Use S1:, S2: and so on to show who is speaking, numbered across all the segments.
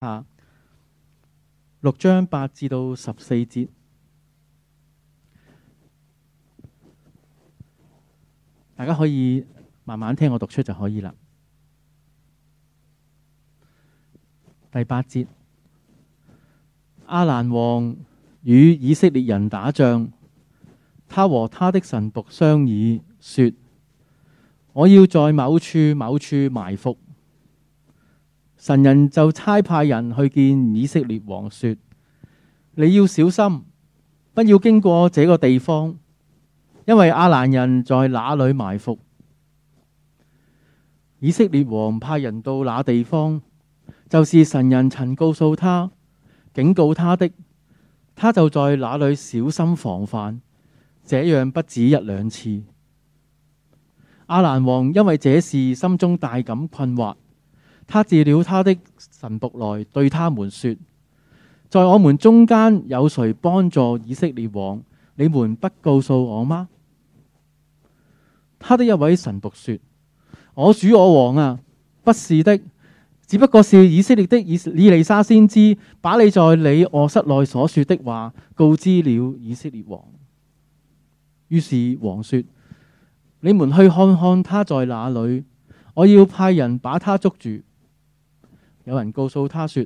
S1: 啊！六章八至到十四節，大家可以慢慢聽我讀出就可以啦。第八節，阿蘭王與以色列人打仗，他和他的神僕商議說：我要在某處某處埋伏。神人就差派人去見以色列王，說：你要小心，不要經過這個地方，因為亞蘭人在那裡埋伏。以色列王派人到那地方，就是神人曾告訴他警告他的，他就在那裡小心防範。這樣不止一兩次。亞蘭王因為這事，心中大感困惑。他治了他的神僕來，對他們說：在我們中間有誰幫助以色列王？你們不告訴我嗎？他的一位神僕說：我主我王啊，不是的，只不過是以色列的以以利沙先知，把你在你臥室內所說的話告知了以色列王。於是王說：你們去看看他在哪裏，我要派人把他捉住。有人告訴他說：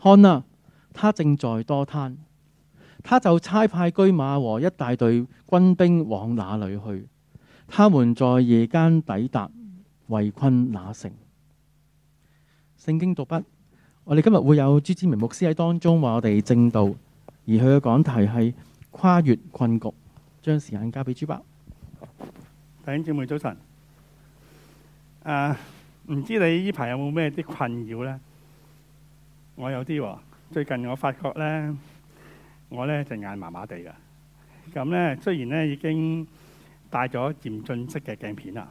S1: 看啊，他正在多攤。他就差派車馬和一大隊軍兵往那裡去。他們在夜間抵達圍困那城。聖經讀畢，我哋今日會有朱子明牧師喺當中話我哋正道，而佢嘅講題係跨越困局。將時間交俾朱伯，弟
S2: 兄姐妹早晨。啊，唔知你呢排有冇咩啲困擾呢？我有啲喎、哦，最近我發覺咧，我咧就眼麻麻地嘅，咁咧雖然咧已經戴咗漸進式嘅鏡片啦，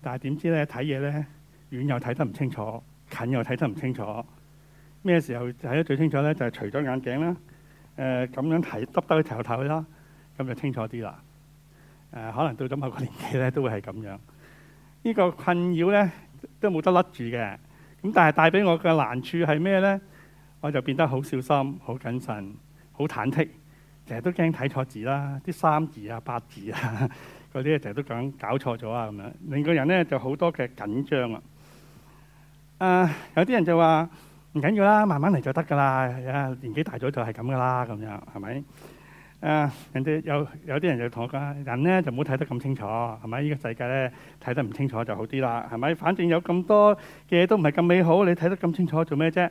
S2: 但係點知咧睇嘢咧遠又睇得唔清楚，近又睇得唔清楚。咩時候睇得最清楚咧？就係除咗眼鏡啦，誒、呃、咁樣睇，耷低頭頭啦，咁就清楚啲啦。誒、呃、可能到咗某個年紀咧都會係咁樣，呢、這個困擾咧都冇得甩住嘅。咁但係帶俾我嘅難處係咩呢？我就變得好小心、好謹慎、好忐忑，成日都驚睇錯字啦，啲三字啊、八字啊嗰啲，成日都講搞錯咗啊咁樣。令個人呢就好多嘅緊張啊、呃！有啲人就話唔緊要啦，慢慢嚟就得㗎啦。啊，年紀大咗就係咁㗎啦，咁樣係咪？誒人哋有有啲人就同我講，人呢就唔好睇得咁清楚，係咪？呢個世界呢睇得唔清楚就好啲啦，係咪？反正有咁多嘢都唔係咁美好，你睇得咁清楚做咩啫？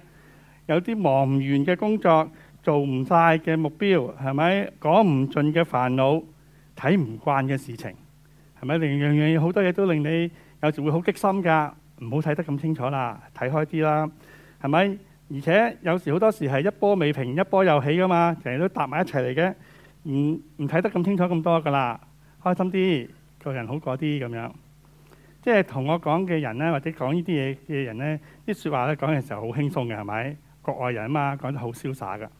S2: 有啲忙唔完嘅工作，做唔晒嘅目標，係咪？講唔盡嘅煩惱，睇唔慣嘅事情，係咪？令樣樣嘢好多嘢都令你有時會好激心㗎，唔好睇得咁清楚啦，睇開啲啦，係咪？而且有時好多時係一波未平一波又起㗎嘛，成日都搭埋一齊嚟嘅。唔唔睇得咁清楚咁多噶啦，開心啲，個人好過啲咁樣，即係同我講嘅人呢，或者講呢啲嘢嘅人呢，啲說話呢講嘅時候好輕鬆嘅係咪？國外人啊嘛，講得好瀟灑噶。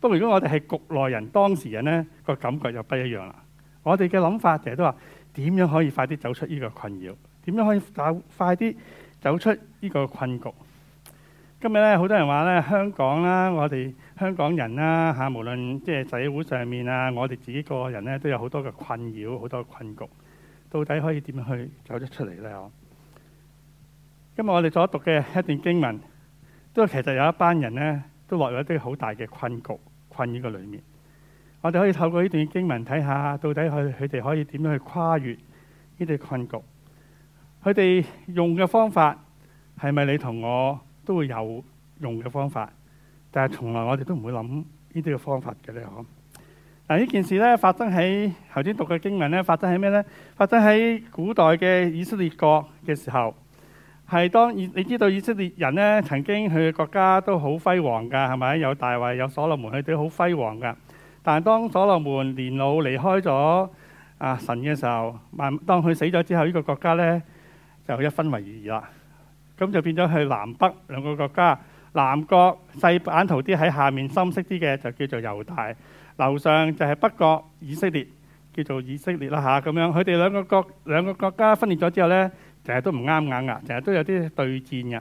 S2: 不過如果我哋係局內人，當事人呢，個感覺又不一樣啦。我哋嘅諗法成日都話點樣可以快啲走出呢個困擾，點樣可以走快啲走出呢個困局。今日咧，好多人話咧，香港啦，我哋香港人啦嚇，無論即係社會上面啊，我哋自己個人咧，都有好多嘅困擾，好多嘅困局。到底可以點樣去走得出嚟咧？哦，今日我哋所讀嘅一段經文，都其實有一班人咧，都落入一啲好大嘅困局、困於個裡面。我哋可以透過呢段經文睇下，到底佢佢哋可以點樣去跨越呢啲困局？佢哋用嘅方法係咪你同我？都會有用嘅方法，但係從來我哋都唔會諗呢啲嘅方法嘅咧。嗬、啊！嗱，呢件事咧，發生喺頭先讀嘅經文咧發生喺咩呢？發生喺古代嘅以色列國嘅時候，係當你知道以色列人咧曾經佢嘅國家都好輝煌㗎，係咪有大衛有所羅門，佢哋好輝煌㗎。但係當所羅門年老離開咗啊神嘅時候，當佢死咗之後，呢、呢個國家呢，就一分為二啦。咁就變咗，去南北兩個國家。南國細版圖啲喺下面，深色啲嘅就叫做猶大，樓上就係北國以色列，叫做以色列啦嚇，咁樣。佢哋兩個國兩個國家分裂咗之後呢，成日都唔啱眼牙，成日都有啲對戰嘅。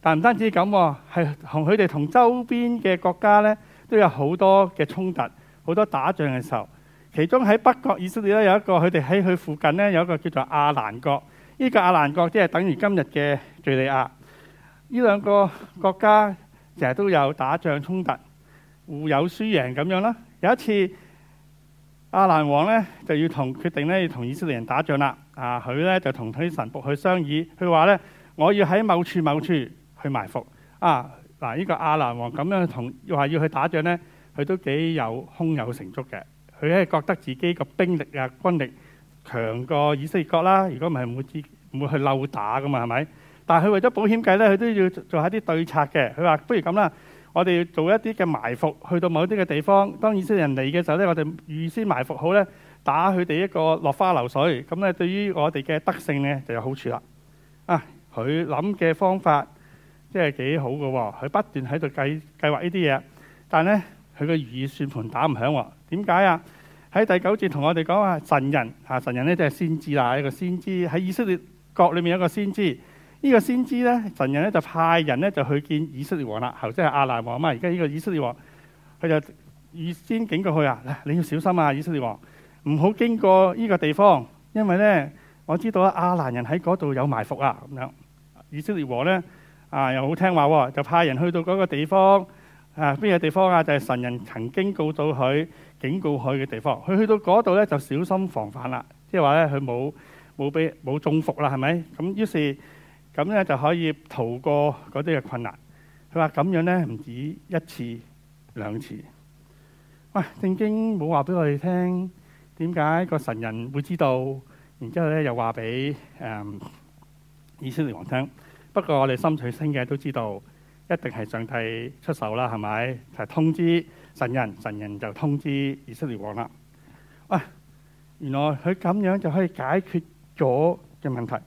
S2: 但唔單止咁喎，係同佢哋同周邊嘅國家呢，都有好多嘅衝突，好多打仗嘅時候。其中喺北國以色列咧有一個，佢哋喺佢附近呢，有一個叫做亞蘭國。呢個亞蘭國即係等於今日嘅。敘利亞，呢兩個國家成日都有打仗衝突，互有輸贏咁樣啦。有一次，亞蘭王呢就要同決定呢要同以色列人打仗啦。啊，佢呢就同佢啲神僕去商議，佢話呢：「我要喺某處某處去埋伏啊。」嗱，呢個亞蘭王咁樣同話要去打仗呢，佢都幾有胸有成竹嘅。佢呢覺得自己個兵力啊軍力強過以色列國啦。如果唔係，唔會唔會去溜打噶嘛，係咪？但係佢為咗保險計呢，佢都要做下啲對策嘅。佢話：不如咁啦，我哋做一啲嘅埋伏，去到某啲嘅地方，當以色列人嚟嘅時候呢，我哋預先埋伏好呢，打佢哋一個落花流水咁呢，對於我哋嘅德性呢就有好處啦。啊，佢諗嘅方法即係幾好嘅喎。佢不斷喺度計計劃呢啲嘢，但係呢，佢嘅如意算盤打唔響喎。點解啊？喺第九節同我哋講話神人啊，神人呢即係先知啦，一個先知喺以色列國裏面有一個先知。呢個先知咧，神人咧就派人咧就去見以色列王啦。頭先係阿蘭王嘛。而家呢個以色列王，佢就預先警告佢啊，你要小心啊！以色列王唔好經過呢個地方，因為咧我知道阿蘭人喺嗰度有埋伏啊。咁樣以色列王咧啊，又好聽話，就派人去到嗰個地方啊，邊個地方啊？就係、是、神人曾經告到佢警告佢嘅地方。佢去到嗰度咧就小心防範啦，即係話咧佢冇冇俾冇中伏啦，係咪咁？於是。咁咧就可以逃過嗰啲嘅困難。佢話咁樣咧唔止一次、兩次。喂，聖經冇話俾我哋聽點解個神人會知道，然之後咧又話俾誒以色列王聽。不過我哋心水清嘅都知道，一定係上帝出手啦，係咪？係、就係、通知神人，神人就通知以色列王啦。喂，原來佢咁樣就可以解決咗嘅問題。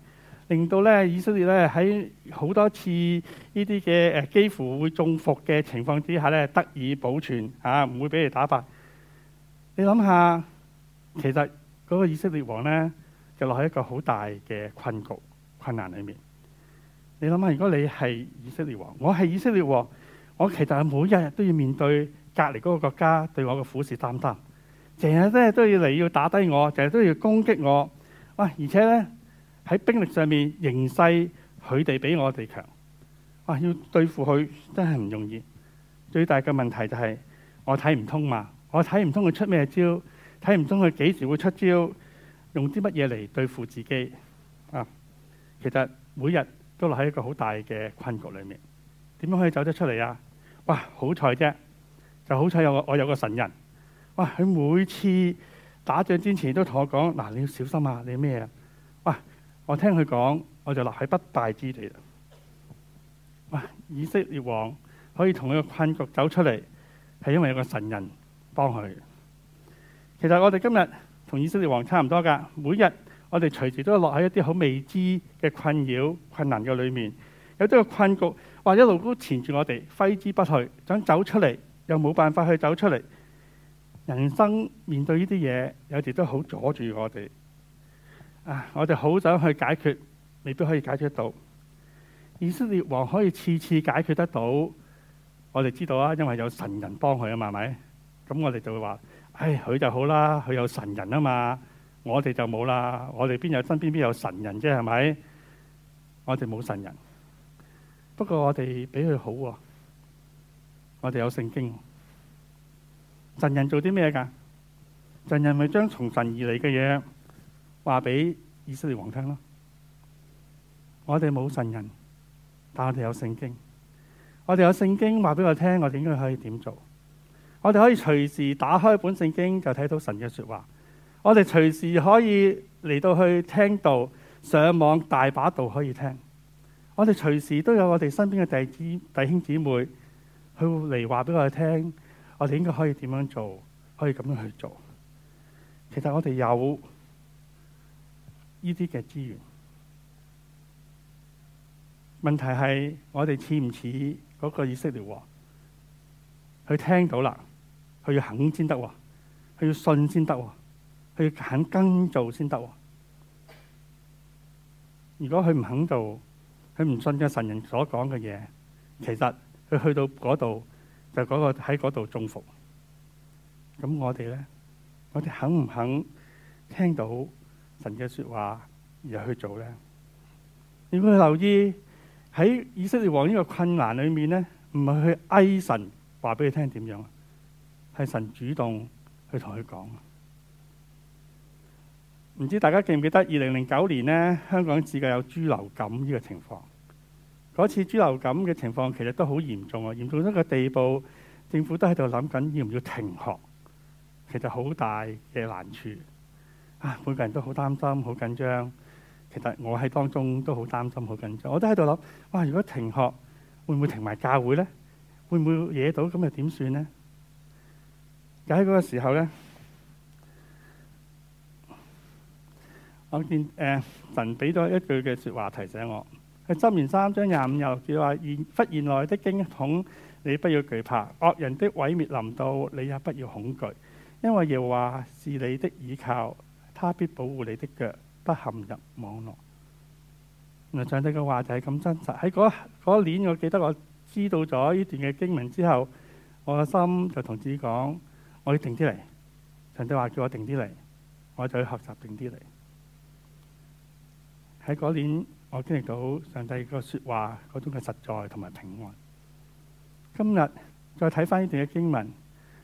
S2: 令到咧以色列咧，喺好多次呢啲嘅，誒幾乎會中伏嘅情況之下咧，得以保存啊，唔會俾你打敗。你諗下，其實嗰個以色列王咧就落喺一個好大嘅困局、困難裏面。你諗下，如果你係以色列王，我係以色列王，我其實係每一日都要面對隔籬嗰個國家對我嘅虎視眈眈，成日咧都要嚟要打低我，成日都要攻擊我。喂，而且咧～喺兵力上面，形勢佢哋比我哋強。哇、啊，要對付佢真係唔容易。最大嘅問題就係，我睇唔通嘛，我睇唔通佢出咩招，睇唔通佢幾時會出招，用啲乜嘢嚟對付自己。啊，其實每日都落喺一個好大嘅困局裡面，點樣可以走得出嚟啊？哇，好彩啫，就好彩有我有個神人。哇，佢每次打仗之前都同我講：嗱，你要小心啊，你咩啊？我聽佢講，我就落喺不敗之地啦。以色列王可以同一個困局走出嚟，係因為有個神人幫佢。其實我哋今日同以色列王差唔多㗎，每日我哋隨時都落喺一啲好未知嘅困擾、困難嘅裏面，有啲個困局或者一路都纏住我哋，揮之不去，想走出嚟又冇辦法去走出嚟。人生面對呢啲嘢，有時都好阻住我哋。啊！我哋好想去解決，未必可以解決到。以色列王可以次次解決得到，我哋知道啊，因為有神人幫佢啊嘛，係咪？咁我哋就會話，唉，佢就好啦，佢有神人啊嘛，我哋就冇啦，我哋邊有身邊邊有神人啫，係咪？我哋冇神人，不過我哋比佢好喎，我哋有聖經。神人做啲咩㗎？神人咪將從神而嚟嘅嘢，話俾以色列王聽咯。我哋冇神人，但我哋有聖經。我哋有聖經話俾我聽，我哋應該可以點做？我哋可以隨時打開本聖經就睇到神嘅說話。我哋隨時可以嚟到去聽道，上網大把度可以聽。我哋隨時都有我哋身邊嘅弟子，弟兄姊妹，佢會嚟話俾我哋聽，我哋應該可以點樣做，可以咁樣去做。其實我哋有。呢啲嘅資源，問題係我哋似唔似嗰個以色列話？佢聽到啦，佢要肯先得，佢要信先得，佢要肯跟做先得。如果佢唔肯做，佢唔信嘅神人所講嘅嘢，其實佢去到嗰度就嗰個喺嗰度中伏。咁我哋咧，我哋肯唔肯聽到，神嘅說話而去做呢，你會留意喺以色列王呢個困難裏面呢，唔係去哀神話俾佢聽點樣，係神主動去同佢講。唔知大家記唔記得二零零九年呢，香港自噶有豬流感呢個情況，嗰次豬流感嘅情況其實都好嚴重啊，嚴重到一個地步，政府都喺度諗緊要唔要停學，其實好大嘅難處。啊！每個人都好擔心、好緊張。其實我喺當中都好擔心、好緊張，我都喺度諗：哇！如果停學，會唔會停埋教會呢？會唔會惹到？咁又點算呢？」又喺嗰個時候呢，我見、呃、神俾咗一句嘅説話提醒我：係箴言三章廿五又，叫話現忽然來的驚恐，你不要懼怕；惡人的毀滅臨到，你也不要恐懼，因為耶和華是你的倚靠。他必保護你的腳，不陷入網絡。原來上帝嘅話就係咁真實。喺嗰年，我記得我知道咗呢段嘅經文之後，我嘅心就同自己講：我要定啲嚟。上帝話叫我定啲嚟，我就去學習定啲嚟。喺嗰年，我經歷到上帝個說話嗰種嘅實在同埋平安。今日再睇翻呢段嘅經文，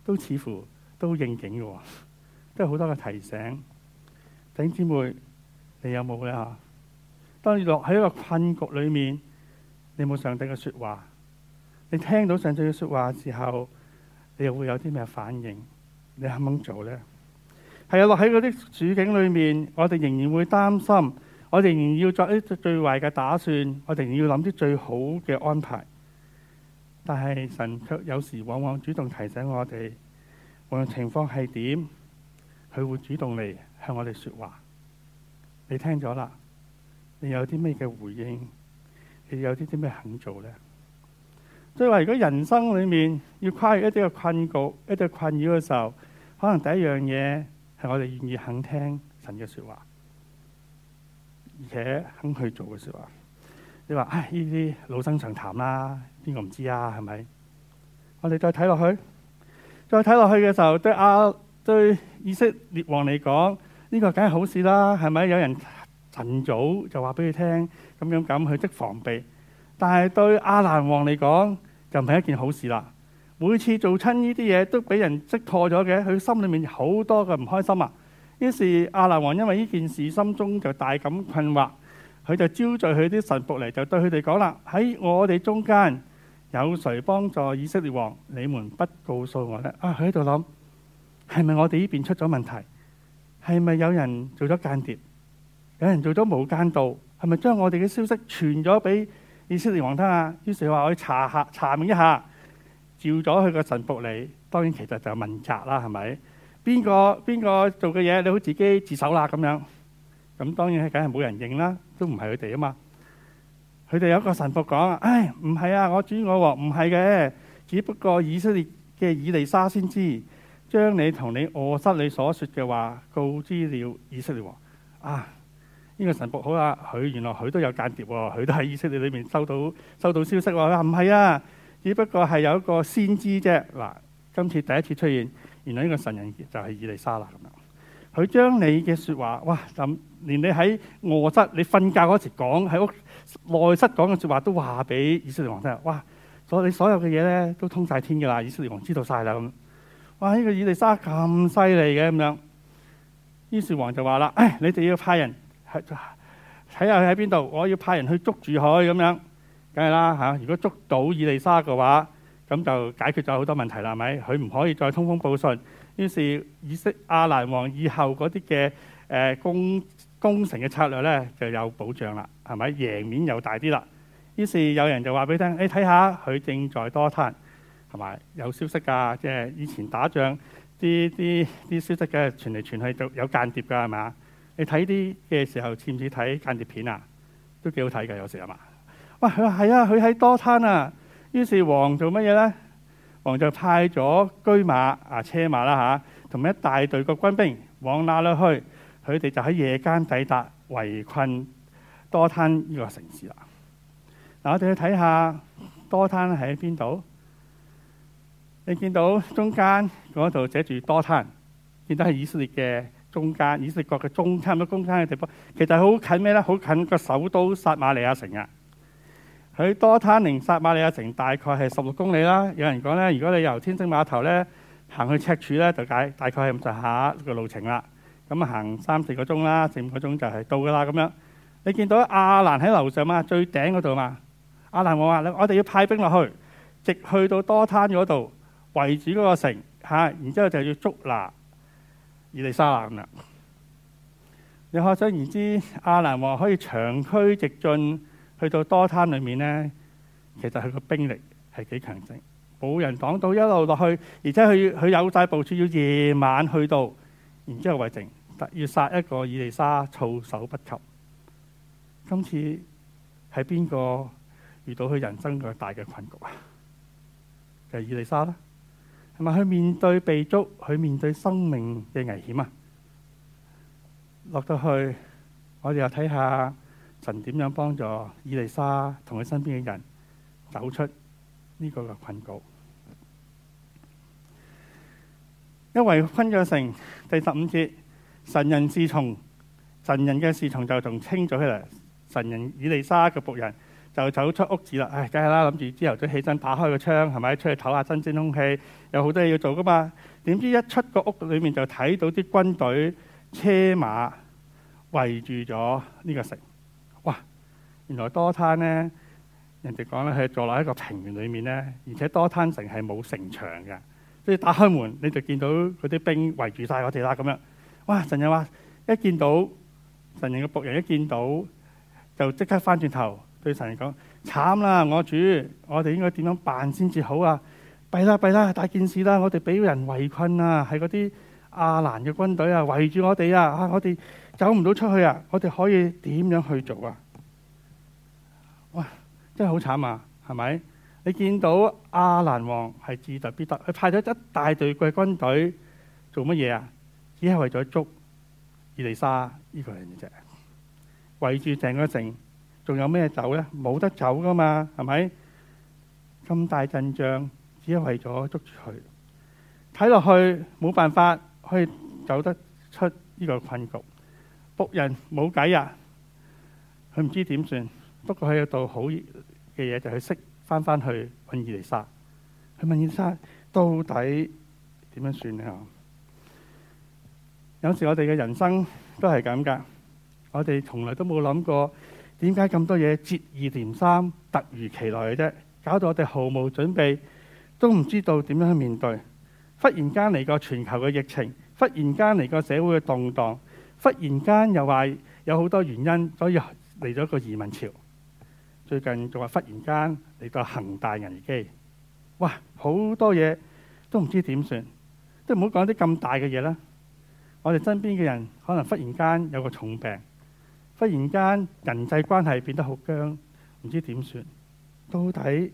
S2: 都似乎都應景嘅、哦，都好多嘅提醒。弟兄姐妹，你有冇咧吓？當你落喺一個困局裏面，你有冇上帝嘅說話？你聽到上帝嘅說話嘅時候，你又會有啲咩反應？你肯唔肯做呢？係啊，落喺嗰啲處境裏面，我哋仍然會擔心，我仍然要做啲最壞嘅打算，我仍然要諗啲最好嘅安排。但係神卻有時往往主動提醒我哋，無論情況係點。佢會主動嚟向我哋說話，你聽咗啦，你有啲咩嘅回應？你有啲啲咩肯做咧？即係話，如果人生裏面要跨越一啲嘅困局、一啲嘅困擾嘅時候，可能第一樣嘢係我哋願意肯聽神嘅說話，而且肯去做嘅說話。你話，唉，呢啲老生常談啦，邊個唔知啊？係咪？啊？我哋再睇落去，再睇落去嘅時候，對啊。對以色列王嚟講，呢個梗係好事啦，係咪？有人趁早就話俾佢聽，咁樣咁，佢即防備。但係對亞蘭王嚟講，就唔係一件好事啦。每次做親呢啲嘢都俾人識破咗嘅，佢心裏面好多嘅唔開心啊。於是亞蘭王因為呢件事，心中就大感困惑。佢就招聚佢啲臣僕嚟，就對佢哋講啦：喺我哋中間有誰幫助以色列王？你們不告訴我呢啊！佢喺度諗。係咪我哋呢邊出咗問題？係咪有人做咗間諜？有人做咗無間道？係咪將我哋嘅消息傳咗俾以色列王聽啊？於是話我去查下，查明一下，召咗佢個神僕嚟。當然其實就係問責啦，係咪邊個邊個做嘅嘢？你好自己自首啦咁樣。咁當然係梗係冇人認啦，都唔係佢哋啊嘛。佢哋有一個神僕講啊，唉、哎，唔係啊，我主我王唔係嘅，只不過以色列嘅以利沙先知。將你同你臥室裏所說嘅話告知了以色列王啊！呢個神僕好啊，佢原來佢都有間諜喎，佢都喺以色列裏面收到收到消息喎。佢話唔係啊，只不過係有一個先知啫。嗱，今次第一次出現，原來呢個神人就係以利沙啦咁樣。佢將你嘅說話哇，連你喺臥室你瞓覺嗰時講喺屋內室講嘅說話都話俾以色列王聽。哇！所以你所有嘅嘢咧都通晒天噶啦，以色列王知道晒啦咁。哇！呢、這個伊利沙咁犀利嘅咁樣，於是王就話啦：，誒、哎，你哋要派人睇下佢喺邊度，我要派人去捉住佢咁樣，梗係啦嚇。如果捉到伊利沙嘅話，咁就解決咗好多問題啦，係咪？佢唔可以再通風報信，於是以色亞蘭王以後嗰啲嘅誒攻攻城嘅策略呢，就有保障啦，係咪？贏面又大啲啦。於是有人就話俾你聽：，你睇下佢正在多攤。埋有消息噶，即係以前打仗啲啲啲消息嘅，傳嚟傳去就有間諜噶，係嘛？你睇啲嘅時候似唔似睇間諜片啊？都幾好睇噶有時，係嘛。喂，佢話係啊，佢喺多灘啊。於是王做乜嘢咧？王就派咗車馬啊車馬啦吓，同、啊、一大隊嘅軍兵往那裡去。佢哋就喺夜間抵達圍困多灘呢個城市啦。嗱、啊、我哋去睇下多灘喺邊度。你見到中間嗰度寫住多灘，見到係以色列嘅中間，以色列國嘅中差唔多中間嘅地方，其實好近咩咧？好近個首都撒馬利亞城啊。喺多灘離撒馬利亞城大概係十六公里啦。有人講咧，如果你由天星碼頭咧行去赤柱咧，就解大概係咁上下個路程啦。咁行三四個鐘啦，四五個鐘就係到噶啦。咁樣你見到亞蘭喺樓上啊，最頂嗰度嘛？亞蘭話：我我哋要派兵落去，直去到多灘嗰度。圍住嗰個城吓，啊，然之後就要捉拿以利沙蘭啦。又可想而知，亞蘭王可以長驅直進去到多灘裏面呢。其實佢個兵力係幾強勁。冇人擋到一路落去，而且佢佢有晒部署，要夜晚去到，然之後圍城，要殺一個以利沙措手不及。今次係邊個遇到佢人生咁大嘅困局啊？就係以利沙啦。同埋佢面對被捉，去面對生命嘅危險啊！落到去，我哋又睇下神點樣幫助以利沙同佢身邊嘅人走出呢個嘅困局。因為困咗城第十五節，神人侍從，神人嘅侍從就仲清咗起嚟，神人以利沙嘅僕人。就走出屋子啦。唉，梗係啦，諗住之後都起身打開個窗，係咪出去唞下新鮮空氣？有好多嘢要做㗎嘛。點知一出個屋裏面，就睇到啲軍隊車馬圍住咗呢個城。哇！原來多攤呢，人哋講咧，係坐落喺個平原裏面呢，而且多攤城係冇城牆嘅，即係打開門你就見到嗰啲兵圍住曬我哋啦。咁樣哇！神人話：一見到神人嘅僕人，一見到就即刻返轉頭。對神講，慘啦，我主，我哋應該點樣辦先至好啊？弊啦弊啦，大件事啦，我哋俾人圍困啦，係嗰啲亞蘭嘅軍隊啊，圍住、啊、我哋啊，啊，我哋走唔到出去啊，我哋可以點樣去做啊？哇，真係好慘啊，係咪？你見到亞蘭王係志在必得，佢派咗一大隊嘅軍隊做乜嘢啊？只係為咗捉以利沙呢個人啫，圍住鄭一城。仲有咩走呢？冇得走噶嘛，係咪？咁大陣仗，只係為咗捉住佢。睇落去冇辦法可以走得出呢個困局，僕人冇計呀。佢唔知點算，不過佢有度好嘅嘢就係識翻翻去問以利沙。佢問以利沙到底點樣算呀？有時我哋嘅人生都係咁噶，我哋從來都冇諗過。點解咁多嘢接二連三、突如其來嘅啫？搞到我哋毫無準備，都唔知道點樣去面對。忽然間嚟個全球嘅疫情，忽然間嚟個社會嘅動盪，忽然間又話有好多原因，所以嚟咗一個移民潮。最近仲話忽然間嚟到恒大危機，哇！好多嘢都唔知點算，都唔好講啲咁大嘅嘢啦。我哋身邊嘅人可能忽然間有個重病。忽然間人際關係變得好僵，唔知點算？到底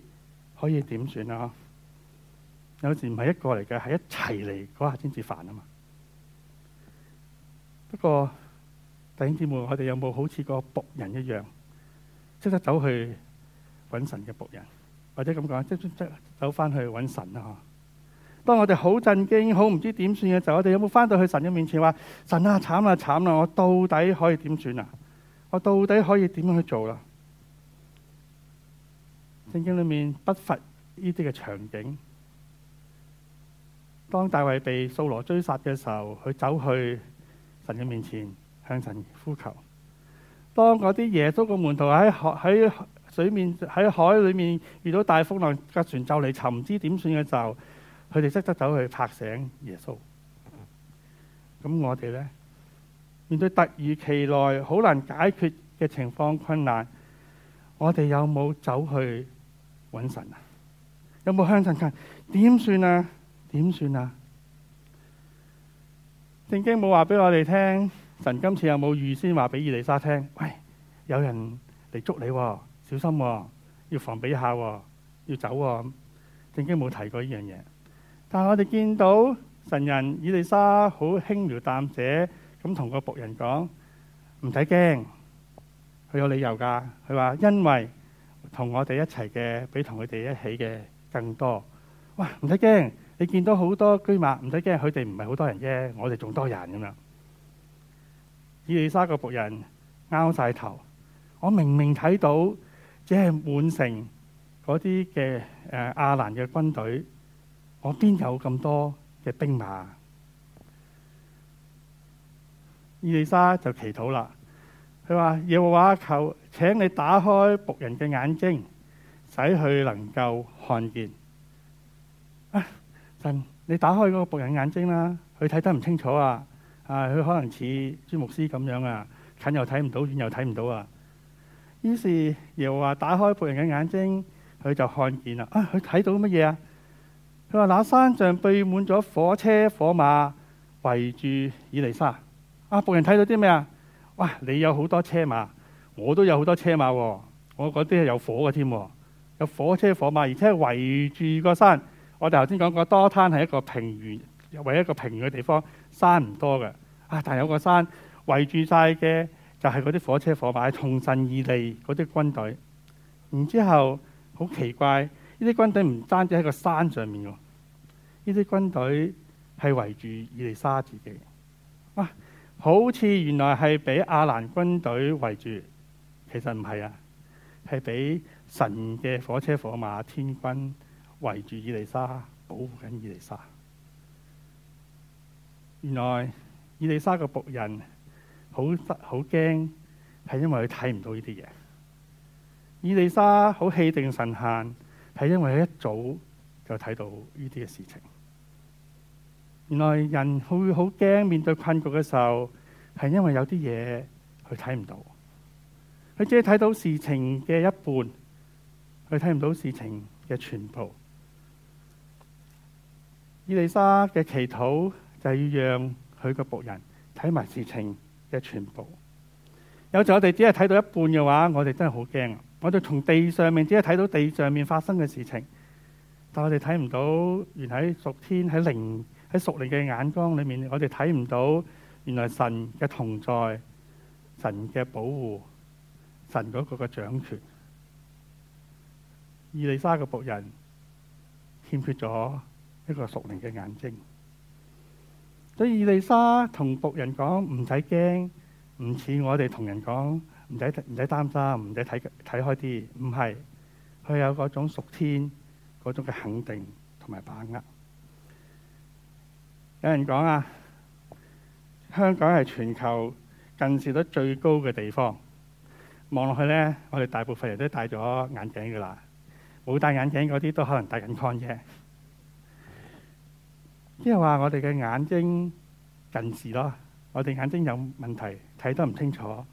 S2: 可以點算啊？有時唔係一個嚟嘅，係一齊嚟嗰下先至煩啊嘛。不過弟兄姊妹，我哋有冇好似個僕人一樣，即刻走去揾神嘅僕人，或者咁講，即即即走翻去揾神啦、啊？當我哋好震驚、好唔知點算嘅時候，我哋有冇翻到去神嘅面前話：神啊，慘啊，慘啊，我到底可以點算啊？我到底可以點樣去做啦？聖經裏面不乏呢啲嘅場景。當大衛被掃羅追殺嘅時候，佢走去神嘅面前向神呼求。當嗰啲耶穌嘅門徒喺海水面、喺海裏面遇到大風浪，架船就嚟沉，唔知點算嘅時候，佢哋識得走去拍醒耶穌。咁我哋呢？面對突如其來、好難解決嘅情況困難，我哋有冇走去揾神啊？有冇向神問點算啊？點算啊？聖經冇話俾我哋聽，神今次有冇預先話俾以利沙聽？喂，有人嚟捉你，小心，要防備下，要走。聖經冇提過呢樣嘢，但係我哋見到神人以利沙好輕描淡寫。咁同個僕人講，唔使驚，佢有理由噶。佢話，因為同我哋一齊嘅比同佢哋一起嘅更多。哇，唔使驚，你見到好多軍馬，唔使驚，佢哋唔係好多人啫，我哋仲多人咁樣。以利沙個僕人拗晒頭，我明明睇到只係滿城嗰啲嘅誒亞蘭嘅軍隊，我邊有咁多嘅兵馬？以利沙就祈禱啦。佢話耶和華求，請你打開僕人嘅眼睛，使佢能夠看見啊！神，你打開嗰個僕人眼睛啦，佢睇得唔清楚啊！啊，佢可能似朱牧師咁樣啊，近又睇唔到，遠又睇唔到啊！於是耶和華打開僕人嘅眼睛，佢就看見啦啊！佢睇到乜嘢啊？佢話那山上備滿咗火車火馬，圍住以利沙。阿、啊、僕人睇到啲咩啊？哇！你有好多車馬，我都有好多車馬喎、啊。我嗰啲係有火嘅添、啊，有火車火馬，而且圍住個山。我哋頭先講過，多攤係一個平原，為一個平原嘅地方，山唔多嘅。啊，但有個山圍住晒嘅就係嗰啲火車火馬，同神以利嗰啲軍隊。然之後好奇怪，呢啲軍隊唔單止喺個山上面喎，呢、啊、啲軍隊係圍住以利沙自己。啊！好似原來係俾阿蘭軍隊圍住，其實唔係啊，係俾神嘅火車火馬天軍圍住以利沙，保護緊以利沙。原來以利沙個僕人好忽好驚，係因為佢睇唔到呢啲嘢。以利沙好氣定神閒，係因為佢一早就睇到呢啲嘅事情。原來人會好驚面對困局嘅時候，係因為有啲嘢佢睇唔到，佢只係睇到事情嘅一半，佢睇唔到事情嘅全部。伊麗莎嘅祈禱就係要讓佢嘅僕人睇埋事情嘅全部。有時我哋只係睇到一半嘅話，我哋真係好驚。我哋從地上面只係睇到地上面發生嘅事情，但我哋睇唔到原來喺昨天喺零。喺屬靈嘅眼光裏面，我哋睇唔到原來神嘅同在、神嘅保護、神嗰個嘅掌權。伊麗莎嘅僕人欠缺咗一個屬靈嘅眼睛，所以伊麗莎同僕人講，唔使驚，唔似我哋同人講，唔使唔使擔心，唔使睇睇開啲。唔係，佢有嗰種屬天嗰種嘅肯定同埋把握。有人講啊，香港係全球近視率最高嘅地方。望落去呢，我哋大部分人都戴咗眼鏡噶啦。冇戴眼鏡嗰啲都可能戴緊框嘅。即係話我哋嘅眼睛近視咯，我哋眼睛有問題，睇得唔清楚，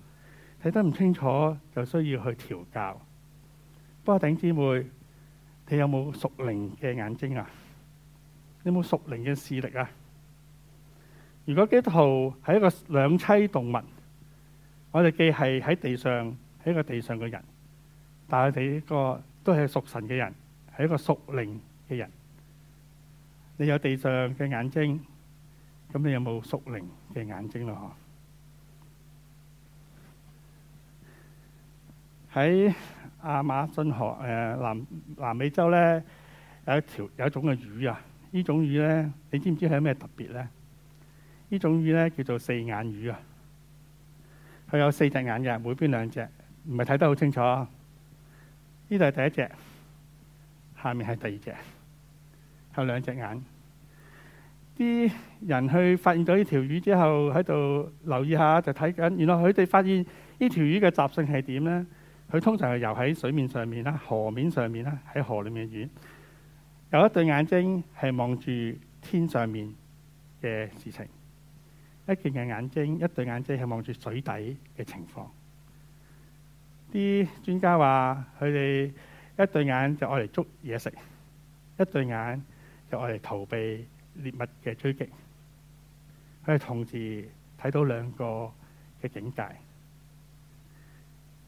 S2: 睇得唔清楚就需要去調校。不過頂姊妹，你有冇熟齡嘅眼睛啊？有冇熟齡嘅視力啊？如果基督徒係一個兩棲動物，我哋既係喺地上，係個地上嘅人，但佢哋呢個都係屬神嘅人，係一個屬靈嘅人。你有地上嘅眼睛，咁你有冇屬靈嘅眼睛啦？喎，喺亞馬遜河，誒南南美洲咧，有一條有一種嘅魚啊，呢種魚咧，你知唔知係有咩特別咧？呢種魚呢，叫做四眼魚啊！佢有四隻眼嘅，每邊兩隻，唔係睇得好清楚。呢度係第一隻，下面係第二隻，有兩隻眼。啲人去發現咗呢條魚之後，喺度留意下就睇緊。原來佢哋發現呢條魚嘅習性係點呢？佢通常係游喺水面上面啦、河面上面啦，喺河裡面嘅魚有一對眼睛係望住天上面嘅事情。一件嘅眼睛，一對眼睛係望住水底嘅情況。啲專家話佢哋一對眼就愛嚟捉嘢食，一對眼就愛嚟逃避獵物嘅追擊。佢哋同時睇到兩個嘅境界。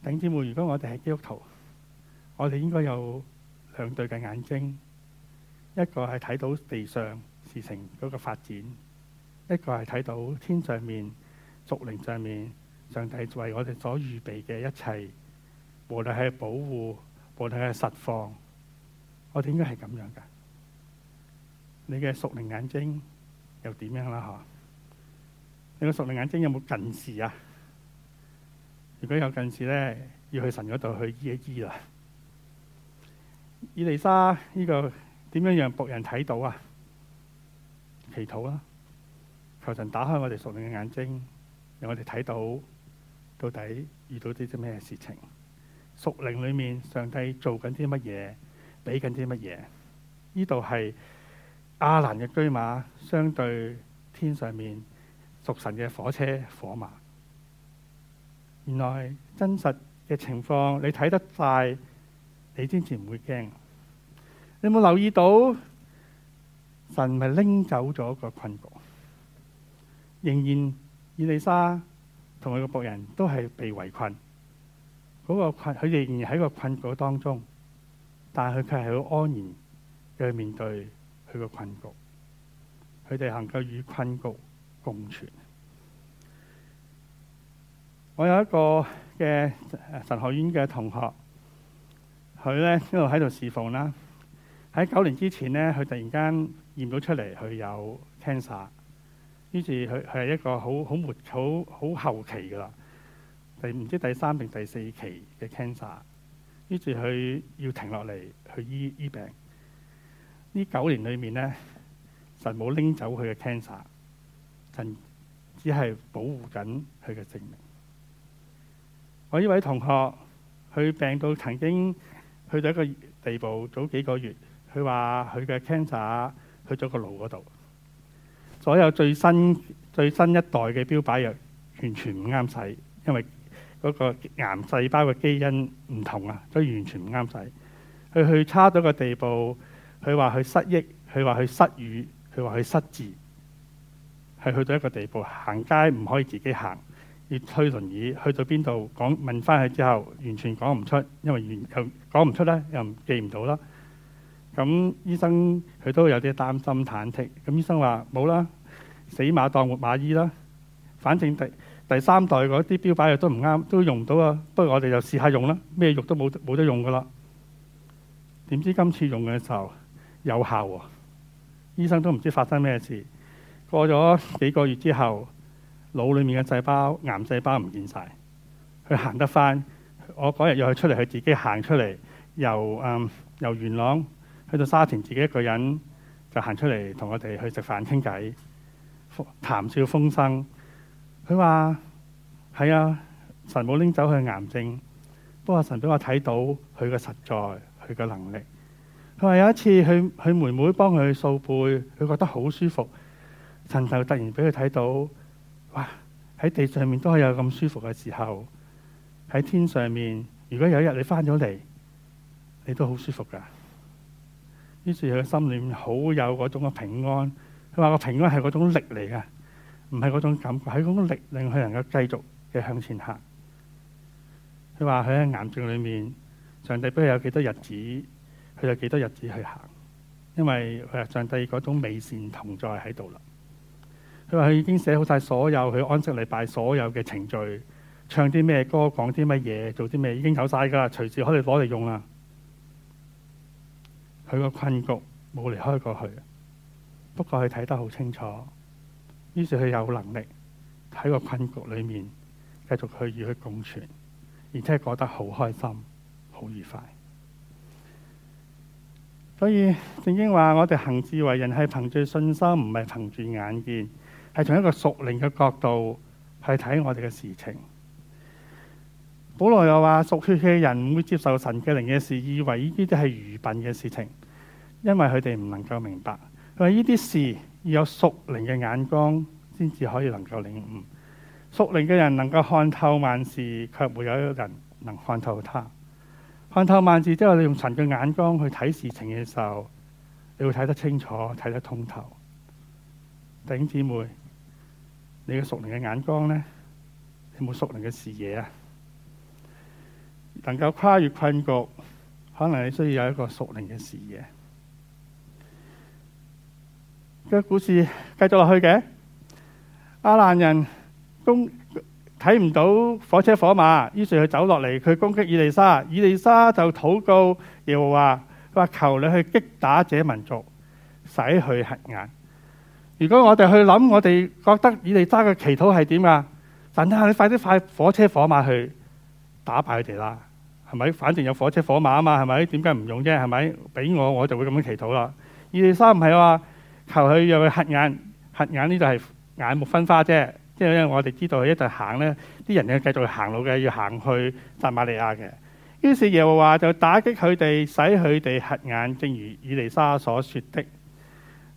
S2: 弟兄姊妹，如果我哋係基督徒，我哋應該有兩對嘅眼睛，一個係睇到地上事情嗰個發展。一個係睇到天上面、屬靈上面，上帝為我哋所預備嘅一切，無論係保護，無論係釋放，我哋應該係咁樣噶。你嘅屬靈眼睛又點樣啦？吓，你嘅屬靈眼睛有冇近視啊？如果有近視咧，要去神嗰度去醫一醫啦。伊麗莎呢、呢個點樣讓僕人睇到啊？祈禱啦。求神打開我哋屬靈嘅眼睛，讓我哋睇到到底遇到啲啲咩事情，屬靈裏面上帝做緊啲乜嘢，俾緊啲乜嘢？呢度係亞蘭嘅車馬，相對天上面屬神嘅火車火馬。原來真實嘅情況，你睇得大，你先至唔會驚。你有冇留意到，神咪拎走咗個困局？仍然，以利沙同佢個僕人都係被圍困，嗰、那個困，佢哋仍然喺個困局當中。但係佢卻係好安然嘅，去面對佢個困局，佢哋能夠與困局共存。我有一個嘅神學院嘅同學，佢咧一路喺度侍奉啦。喺九年之前咧，佢突然間驗到出嚟，佢有 cancer。於是佢係一個好好活好好後期㗎啦，第唔知第三定第四期嘅 cancer，於是佢要停落嚟去醫醫病。呢九年裏面呢，神冇拎走佢嘅 cancer，神只係保護緊佢嘅生命。我呢位同學，佢病到曾經去到一個地步，早幾個月，佢話佢嘅 cancer 去咗個腦嗰度。所有最新最新一代嘅標靶藥完全唔啱使，因為嗰個癌細胞嘅基因唔同啊，所以完全唔啱使。佢去差咗個地步，佢話佢失憶，佢話佢失語，佢話佢失智，係去到一個地步，行街唔可以自己行，要推輪椅。去到邊度講問翻佢之後，完全講唔出，因為完又講唔出呢，又記唔到啦。咁醫生佢都有啲擔心忐忑，咁醫生話冇啦，死馬當活馬醫啦，反正第第三代嗰啲標靶藥都唔啱，都用唔到啊。不過我哋就試下用啦，咩肉都冇冇得用㗎喇。點知今次用嘅時候有效喎，啊，醫生都唔知發生咩事。過咗幾個月之後，腦裡面嘅細胞癌細胞唔見晒。佢行得返。我嗰日要去出嚟，佢自己行出嚟，由嗯、呃、由元朗。去到沙田，自己一個人就行出嚟，同我哋去食飯傾偈，談笑風生。佢話：係啊，神冇拎走佢癌症，不過神俾我睇到佢嘅實在，佢嘅能力。佢話有一次，佢佢妹妹幫佢掃背，佢覺得好舒服。神就突然俾佢睇到，哇！喺地上面都係有咁舒服嘅時候，喺天上面，如果有一日你翻咗嚟，你都好舒服噶。於是佢心裏面好有嗰種嘅平安。佢話個平安係嗰種力嚟嘅，唔係嗰種感覺，係嗰種力令佢能夠繼續嘅向前行。佢話佢喺癌症裏面，上帝畀佢有幾多日子，佢有幾多日子去行，因為上帝嗰種美善同在喺度啦。佢話佢已經寫好晒所有佢安息禮拜所有嘅程序，唱啲咩歌，講啲乜嘢，做啲咩已經有晒㗎，隨時可以攞嚟用啦。佢個困局冇離開過佢，不過佢睇得好清楚，於是佢有能力喺個困局裏面繼續去與佢共存，而且係過得好開心、好愉快。所以聖經話：我哋行事為人係憑住信心，唔係憑住眼見，係從一個屬靈嘅角度去睇我哋嘅事情。保羅又話：屬血嘅人唔會接受神嘅靈嘅事，以為呢啲係愚笨嘅事情，因為佢哋唔能夠明白。佢話呢啲事要有屬靈嘅眼光，先至可以能夠領悟。屬靈嘅人能夠看透萬事，卻沒有人能看透他。看透萬事之後，即你用神嘅眼光去睇事情嘅時候，你會睇得清楚，睇得通透。弟兄姊妹，你嘅屬靈嘅眼光呢？有冇屬靈嘅視野啊？能夠跨越困局，可能你需要有一個熟練嘅、這個、視野。嘅故事繼續落去嘅，阿蘭人攻睇唔到火車火馬，於是佢走落嚟，佢攻擊以利沙，以利沙就禱告耶和華，又話：佢話求你去擊打這民族，洗去黑眼。如果我哋去諗，我哋覺得以利沙嘅祈禱係點啊？神啊，你快啲快火車火馬去打敗佢哋啦！係咪？反正有火車火馬啊嘛，係咪？點解唔用啫？係咪？俾我，我就會咁樣祈禱啦。以利沙唔係話求佢讓佢黑眼，黑眼呢度係眼目分花啫。因、就、為、是、因為我哋知道佢一齊行咧，啲人要繼續行路嘅，要行去撒馬利亞嘅。於是耶和華就打擊佢哋，使佢哋黑眼，正如以利沙所說的。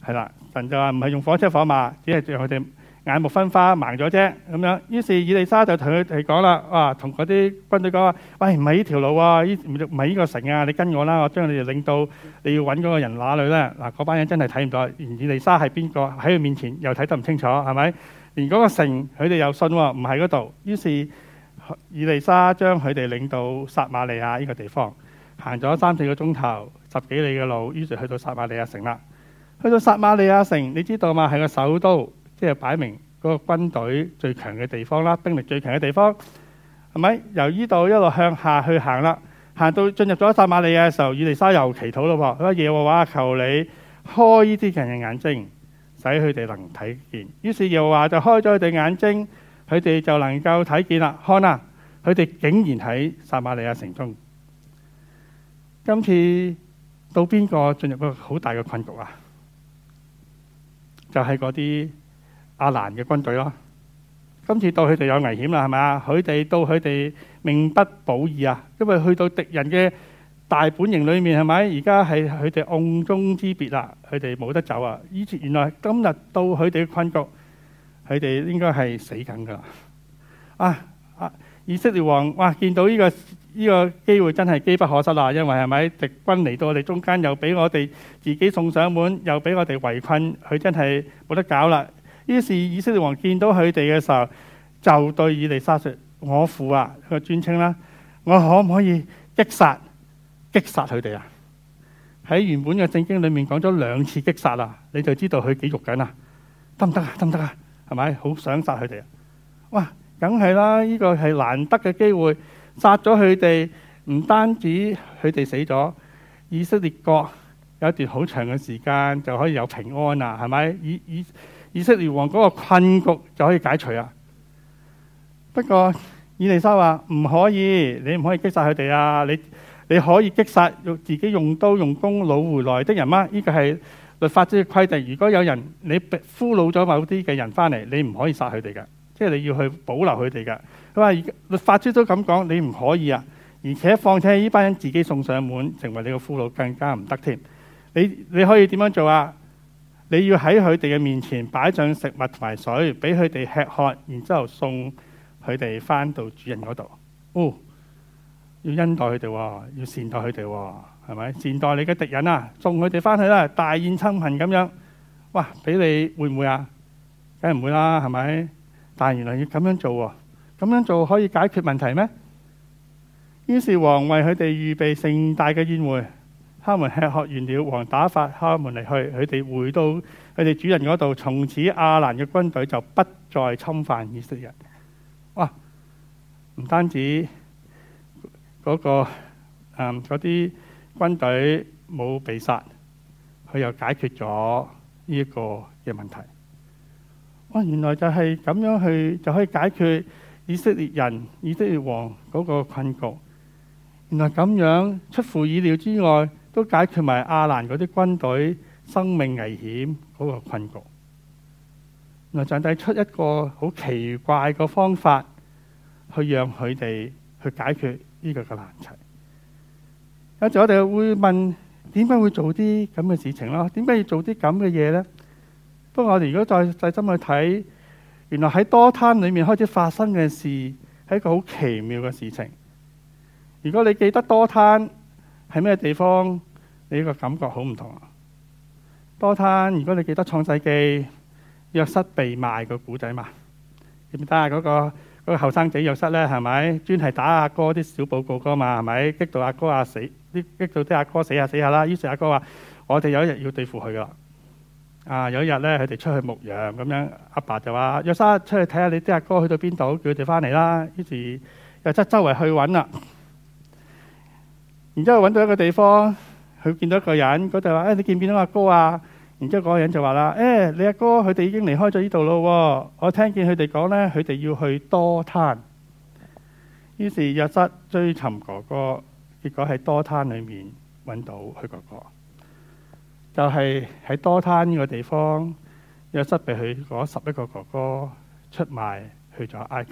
S2: 係啦，神就話唔係用火車火馬，只係讓佢哋。眼目昏花盲咗啫，咁樣。於是以利沙就同佢哋講啦：哇，同嗰啲軍隊講話，喂，唔係呢條路啊，呢唔係呢個城啊，你跟我啦，我將你哋領到你要揾嗰個人，哪裡咧？嗱，嗰班人真係睇唔到，連以利沙係邊個喺佢面前又睇得唔清楚，係咪？連嗰個城佢哋又信喎，唔係嗰度。於是以利沙將佢哋領到撒瑪利亞呢個地方，行咗三四個鐘頭，十幾里嘅路，於是去到撒瑪利亞城啦。去到撒瑪利亞城，你知道嘛？係個首都。即係擺明嗰個軍隊最強嘅地方啦，兵力最強嘅地方，係咪？由呢度一路向下去行啦，行到進入咗撒馬利亞嘅時候，以利沙又祈禱咯噃，佢話，耶和華，求你開呢啲人嘅眼睛，使佢哋能睇見。於是耶和華就開咗佢哋眼睛，佢哋就能夠睇見啦。看啦，啊，佢哋竟然喺撒馬利亞城中。今次到邊個進入個好大嘅困局啊？就係嗰啲。阿蘭嘅軍隊咯，今次到佢哋有危險啦，係咪啊？佢哋到佢哋命不保矣啊！因為去到敵人嘅大本營裏面係咪？而家係佢哋甕中之鱉啦，佢哋冇得走啊！依次原來今日到佢哋嘅困局，佢哋應該係死梗㗎喇。啊啊！以色列王哇，見到呢個呢個機會真係機不可失啦，因為係咪敵軍嚟到我哋中間，又俾我哋自己送上門，又俾我哋圍困，佢真係冇得搞啦。於是以色列王見到佢哋嘅時候，就對以利沙説：我父啊，佢個尊稱啦，我可唔可以擊殺擊殺佢哋啊？喺原本嘅正經聖經裏面講咗兩次擊殺啦、啊，你就知道佢幾慾緊幾肉緊啦。得唔得啊？得唔得啊？係咪好想殺佢哋啊？哇，梗係啦！呢個係難得嘅機會，殺咗佢哋唔單止佢哋死咗，以色列國有一段好長嘅時間就可以有平安啦、啊。係咪以以？以以色列王嗰個困局就可以解除啊！不過以利沙話唔可以，你唔可以擊殺佢哋啊！你你可以擊殺用自己用刀用弓擄回來的人嗎？呢個係律法書嘅規定。如果有人你俘虜咗某啲嘅人翻嚟，你唔可以殺佢哋嘅，即係你要去保留佢哋嘅。佢話律法書都咁講，你唔可以啊！而且況且呢班人自己送上門，成為你嘅俘虜，更加唔得添。你你可以點樣做啊？你要喺佢哋嘅面前擺上食物同埋水，俾佢哋吃喝，然之後送佢哋返到主人嗰度。哦，要恩待佢哋，要善待佢哋喎，係咪善待你嘅敵人啊？送佢哋返去啦，大宴親朋咁樣。哇，俾你會唔會啊？梗係唔會啦，啊，係咪？但係原來要咁樣做喎，咁樣做可以解決問題咩？於是王為佢哋預備盛大嘅宴會。他們吃喝完了，王打發他們嚟去。佢哋回到佢哋主人嗰度，從此亞蘭嘅軍隊就不再侵犯以色列。哇！唔單止嗰個誒嗰啲軍隊冇被殺，佢又解決咗呢一個嘅問題。哇！原來就係咁樣去就可以解決以色列人，以色列王嗰個困局。原來咁樣出乎意料之外。都解決埋亞蘭嗰啲軍隊生命危險嗰個困局，原來上帝出一個好奇怪嘅方法，去讓佢哋去解決呢個嘅難題。有時我哋會問點解會做啲咁嘅事情啦？點解要做啲咁嘅嘢呢？不過我哋如果再細心去睇，原來喺多攤裏面開始發生嘅事係一個好奇妙嘅事情。如果你記得多攤係咩地方？你呢個感覺好唔同。啊。波攤，如果你記得《創世記》約瑟被賣個古仔嘛？入邊都係嗰個後生仔約瑟咧，係咪專係打阿哥啲小報告㗎嘛？係咪激到阿哥阿死？激到啲阿哥死下死下啦。於是阿哥話：我哋有一日要對付佢啦。啊，有一日咧，佢哋出去牧羊咁樣，阿爸就話：約瑟出去睇下你啲阿哥去到邊度，叫佢哋翻嚟啦。於是約瑟周圍去揾啦，然之後揾到一個地方。佢見到一個人，佢就話：誒，你見唔見到阿哥啊？然之後嗰個人就話啦：誒、哎，你阿哥佢哋已經離開咗呢度咯。我聽見佢哋講呢，佢哋要去多攤。於是約瑟追尋哥哥，結果喺多攤裏面揾到佢哥哥。就係、是、喺多攤呢個地方，約瑟被佢嗰十一個哥哥出賣去咗埃及。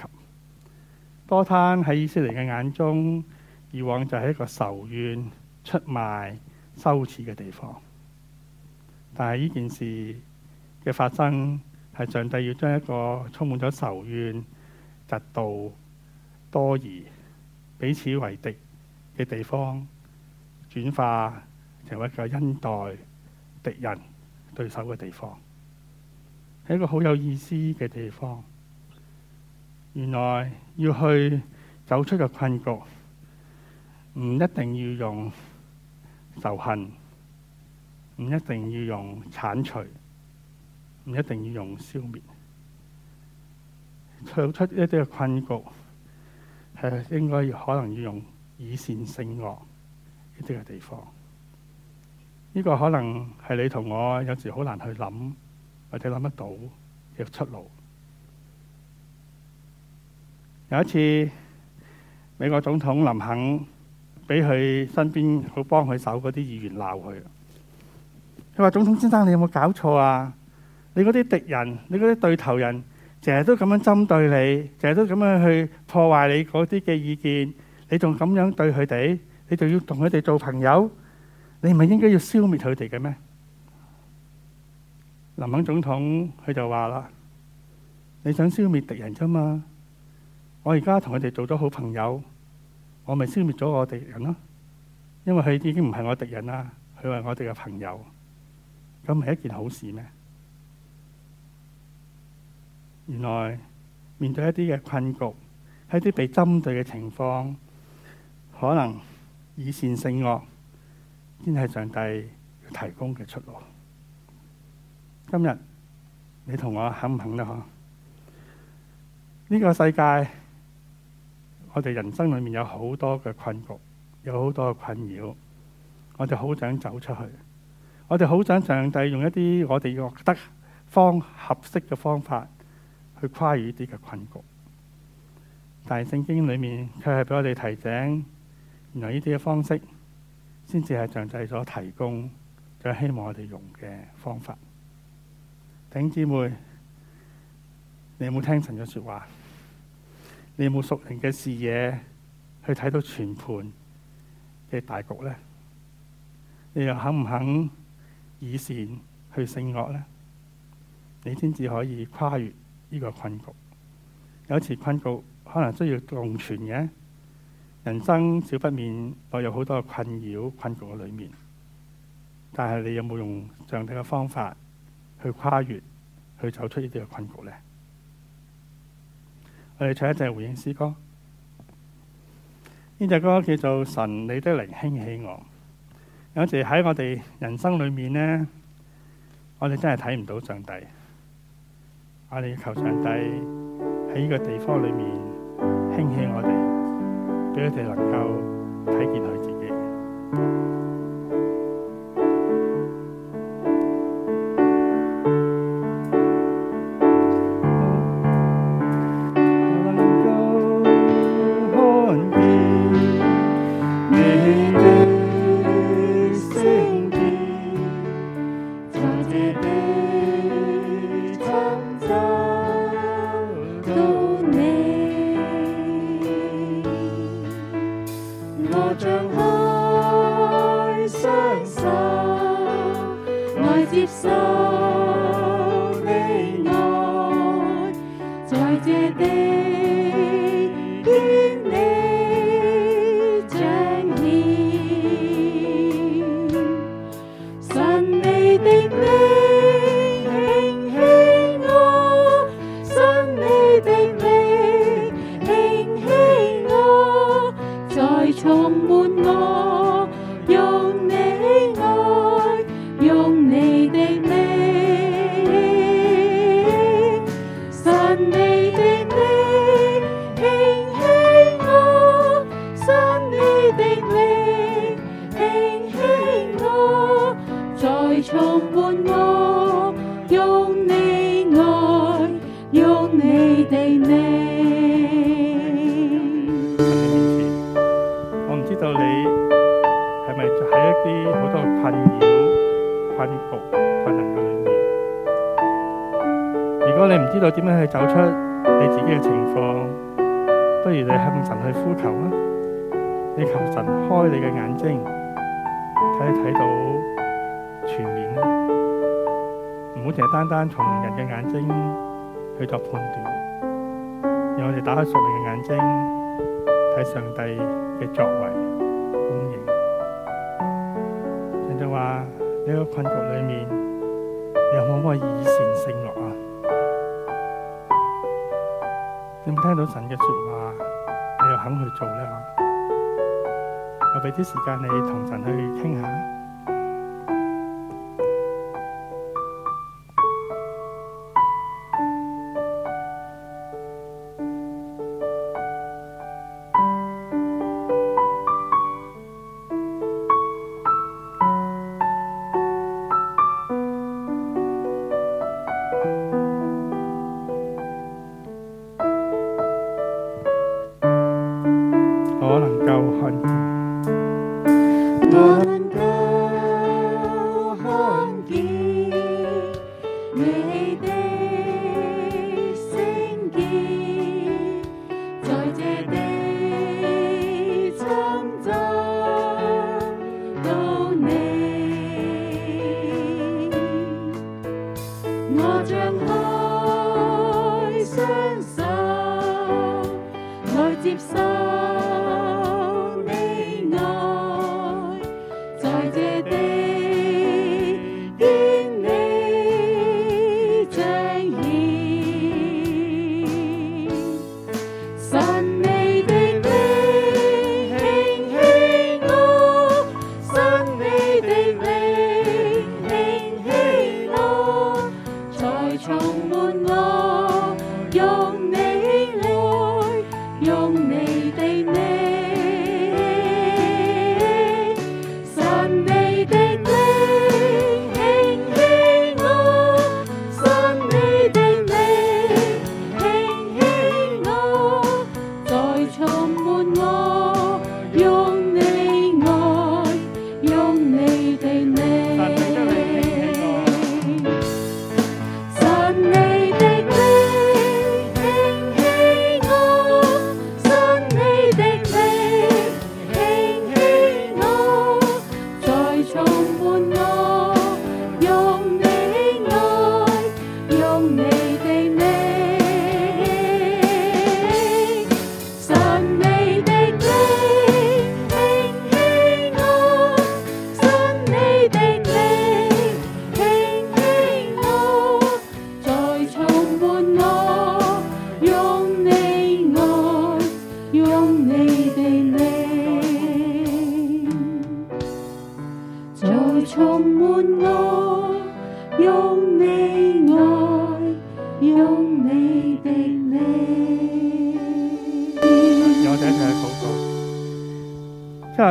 S2: 多攤喺以色列嘅眼中，以往就係一個仇怨、出賣羞恥嘅地方，但係呢件事嘅發生，係上帝要將一個充滿咗仇怨、嫉妒、多疑、彼此為敵嘅地方，轉化成為一個恩待敵人、對手嘅地方，係一個好有意思嘅地方。原來要去走出個困局，唔一定要用，仇恨唔一定要用鏟除，唔一定要用消滅，跳出一啲嘅困局，係應該可能要用以善勝惡一啲嘅地方。呢、這個可能係你同我有時好難去諗，或者諗得到嘅出路。有一次，美國總統林肯。俾佢身邊好幫佢手嗰啲議員鬧佢，佢話，總統先生，你有冇搞錯啊？你嗰啲敵人，你嗰啲對頭人，成日都咁樣針對你，成日都咁樣去破壞你嗰啲嘅意見，你仲咁樣對佢哋，你仲要同佢哋做朋友，你唔係應該要消滅佢哋嘅咩？林肯總統佢就話啦：你想消滅敵人啫嘛，我而家同佢哋做咗好朋友。我咪消滅咗我敵人咯，因為佢已經唔係我敵人啦，佢係我哋嘅朋友，咁係一件好事咩？原來面對一啲嘅困局，喺啲被針對嘅情況，可能以善勝惡，先係上帝要提供嘅出路。今日你同我肯唔肯得？嗬，呢個世界。我哋人生裏面有好多嘅困局，有好多嘅困擾，我哋好想走出去，我哋好想上帝用一啲我哋覺得方合適嘅方法去跨越啲嘅困局。但係聖經裏面，卻係俾我哋提醒，原來呢啲嘅方式，先至係上帝所提供，最希望我哋用嘅方法。頂姊妹，你有冇聽神嘅說話？你有冇熟人嘅視野去睇到全盤嘅大局咧？你又肯唔肯以善去勝惡咧？你先至可以跨越呢個困局。有一次困局可能需要共存嘅。人生少不免我有好多嘅困擾、困局嘅裏面，但係你有冇用上帝嘅方法去跨越、去走出呢啲嘅困局咧？我哋唱一隻回應詩歌，呢隻歌叫做《神你的靈興起我》。有時喺我哋人生裏面呢，我哋真係睇唔到上帝，我哋求上帝喺呢個地方裏面興起我哋，俾我哋能夠睇見佢自己。知道點樣去走出你自己嘅情況，不如你向神去呼求啦！你求神開你嘅眼睛，睇睇到全面，唔好淨係單單從人嘅眼睛去作判斷。讓我哋打開屬靈嘅眼睛，睇上帝嘅作為公義。人就話呢個困局裏面，你可唔可以以善勝惡？你有冇聽到神嘅説話？你又肯去做呢？我俾啲時間你同神去傾下。
S3: 我張開雙手，來接受。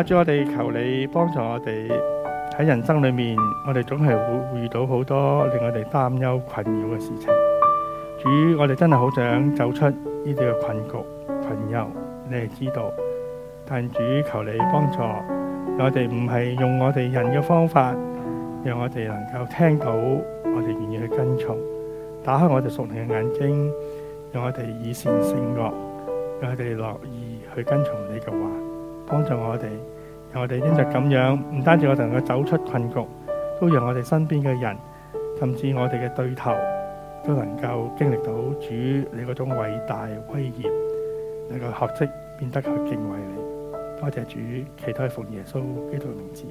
S2: 主，我哋求你幫助我哋喺人生裏面，我哋總係會遇到好多令我哋擔憂、困擾嘅事情。主，我哋真係好想走出呢啲嘅困局、困憂。你係知道，但主求你幫助我哋，唔係用我哋人嘅方法，讓我哋能夠聽到，我哋願意去跟從，打開我哋屬靈嘅眼睛，讓我哋以善勝惡，讓我哋樂意去跟從你嘅話。幫助我哋，讓我哋呢就咁樣，唔單止我哋能夠走出困局，都讓我哋身邊嘅人，甚至我哋嘅對頭，都能夠經歷到主你嗰種偉大威嚴，能夠學識變得去敬畏你。多謝主，祈禱奉耶穌基督嘅名字。